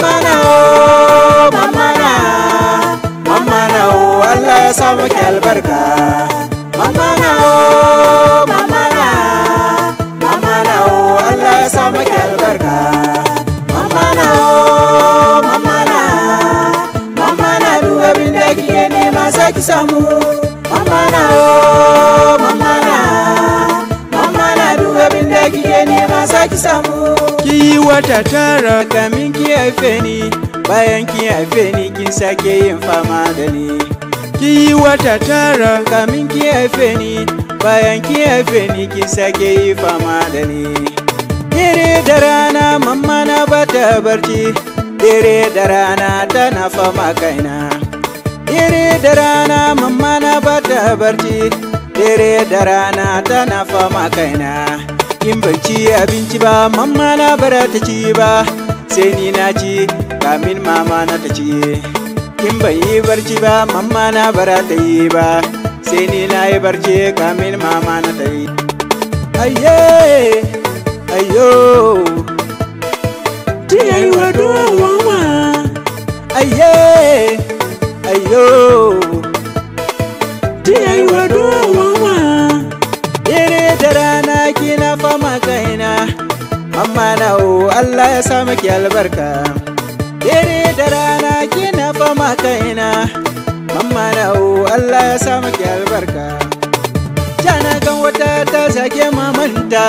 mamana o oh, mamana mamana o oh, Allah ya sa miki albarka mamana o oh, mamana mamana o Allah ya sa miki albarka mamana o mamana mamana duk abin da kike nema sai ki samu ta tara kamin ki haife ni bayan ki haife ni kin sake yin fama da ni ki yi wata tara kamin ki haife ni bayan ki haife ni kin sake yi fama da ni dare da rana mamma na bata barci dare da rana tana fama kaina dare da rana mamma na bata barci dare da rana tana fama kaina in ci abinci ba mamma na bara ta ci ba sai ni na ci kamin mama na ta ci in ban yi barci ba mamma na bara ta yi ba sai ni na yi barci kamin mama na ta yi ayye ayo ti ayi wa do wa wa aye ayo Allah ya sa miki albarka dare da rana kina fama kaina mamma na Allah ya sa miki albarka jana kan wata ta sake mamanta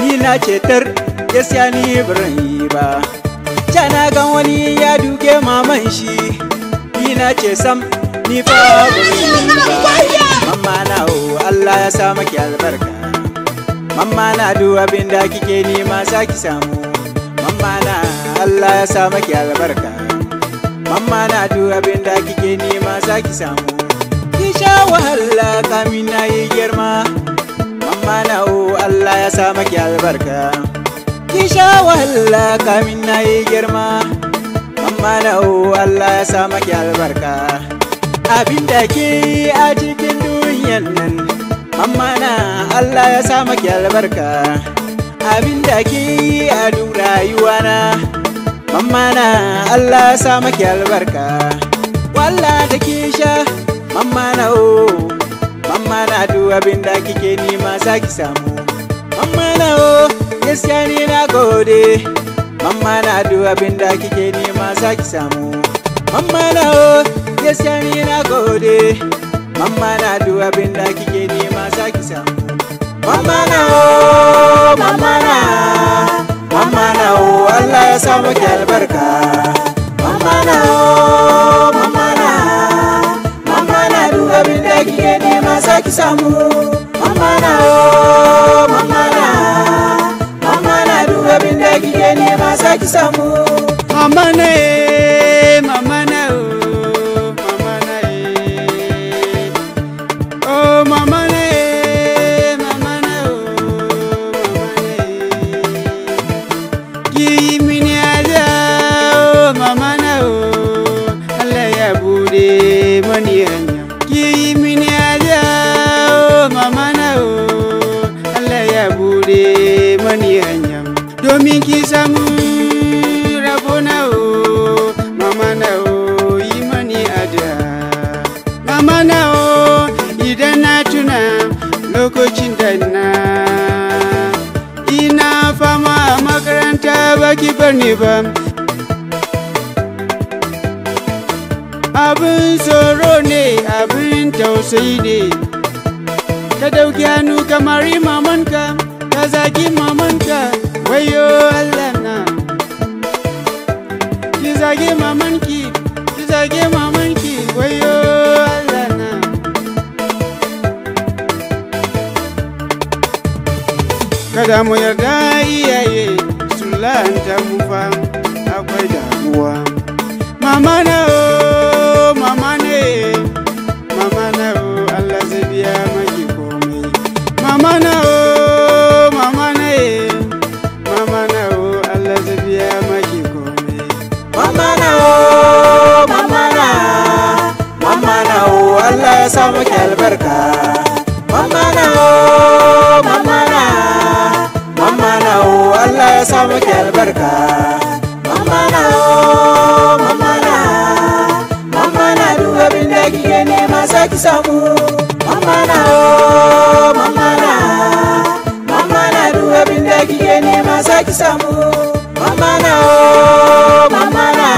ni na cetar gaskiya ni biran yi ba jana kan wani ya duke maman shi ni na ce sam ni fa ba mamma na Allah ya sa miki albarka mamma na duk abin da kike nema za ki samu mammana Allah ya sa maki albarka mammana duk abin da kike nema za ki samu ki sha wahala kamin na yi girma mammana o oh, Allah ya sa maki albarka ki sha wahala kamin na yi girma mammana o oh, Allah ya sa maki albarka abin da ke a cikin duniyan nan mammana Allah ya sa maki albarka abin da ke yi a duk rayuwana mammana Allah sa maki albarka walla da ke sha mammana o oh. mammana duk abin da kike nima za ki samu mammana o oh, gaskiya ne na gode mammana duk abin da kike nima za ki samu mammana o oh, gaskiya ne na gode mammana duk abin da kike nima za ki samu mamana o mamana mamana o Allah ya sa miki albarka mamana o mamana mamana duk abin da kike nema ki samu sarauniya nyam domin samu rabona o mama na o imani ada mama na o idana tuna loko chindana ina fama a makaranta baki bar ni ba abin tsoro ne abin tausayi ne ka dauki hannu kamar mamanka ta zagi mamanta wayo Allah na ki zagi mamanki ki zagi mamanki wayo Allah na kada mu yarda iyaye su lanta mu fa akwai damuwa mama na oh samu kyalbarka muke mamma na o mamma na mamma na o Allah ya samu kyalbarka albarka mamma na o mamma na mamma na duk abin da kike nema za ki samu mamma na o mamma na mamma na duk abin da kike nema za ki samu mamma na o mamma na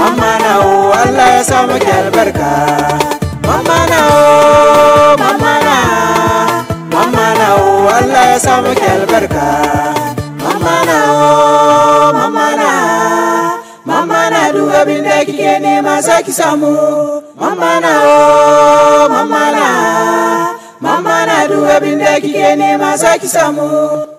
mamma na o Allah ya samu kyalbarka abin da kike samu mama na o mama na mama na duk abin da kike samu